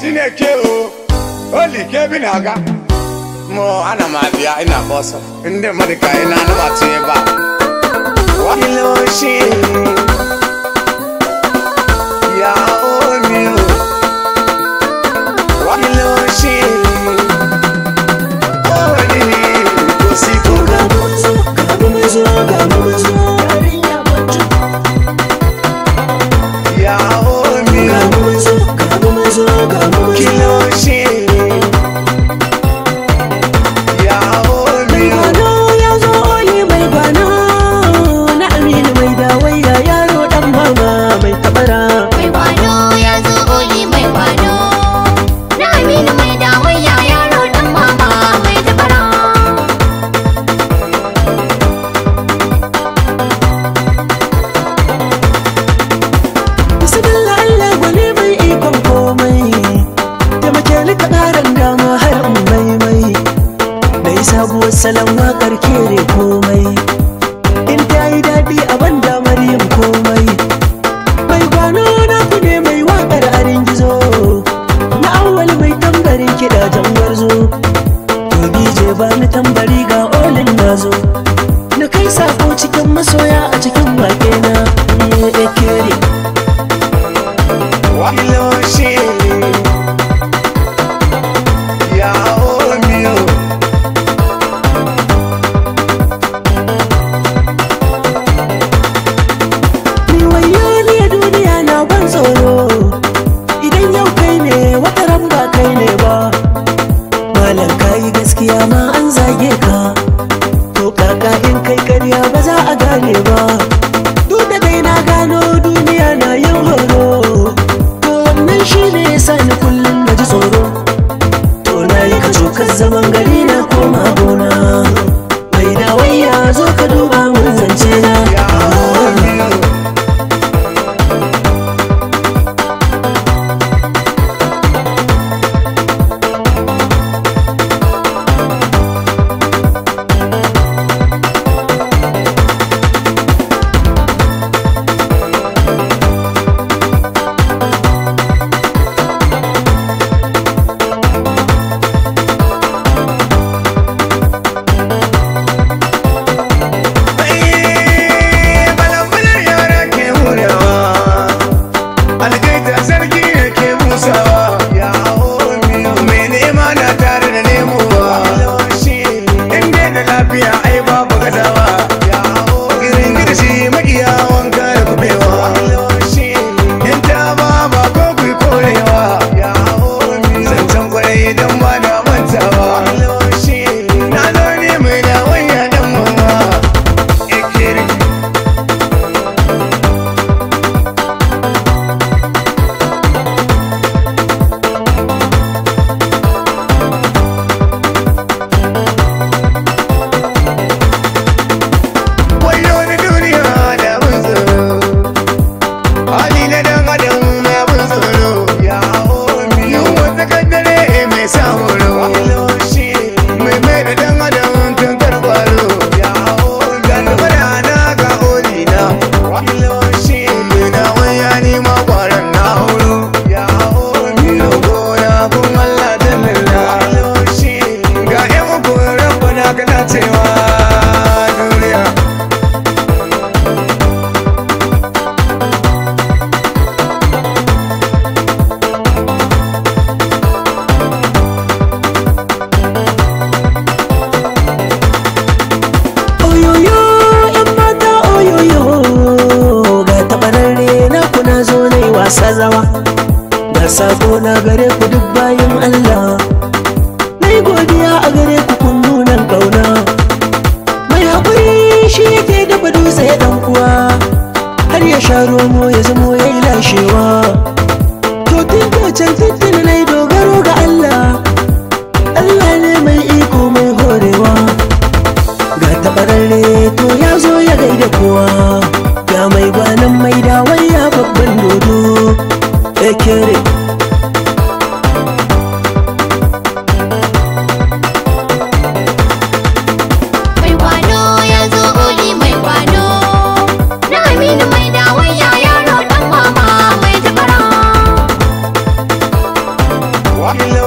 chineke o olike bi na-aga mụ ana m abịa ị na-agba ọsọ ndị mmadụ ka anyị na-anabata ebe a ile o Yeah. damar komai in ta yi daɗi a ban damar yin komai mai gwano na ku ne mai waƙar arin gizo na awwal mai tambarin kiɗa jangar zo to dj ba ni tambari ga olin na zo na kai sako cikin masoya a cikin ne wata ran ba kai ne ba malam kayi gaskiya ma an zage ka to kaka in kai karya ba za a gane ba da sarki ke busawa zama na sako na gare ku duk bayan Allah nai godiya a gare ku kun nuna kauna mai haƙuri shi yake dafa dutse ɗan kuwa. har ya sha romo ya zamo ya yi lashewa to ko can tin nai dogaro ga Allah Allah ne mai iko mai horewa ga tabarare to ya zo ya gaida kowa What?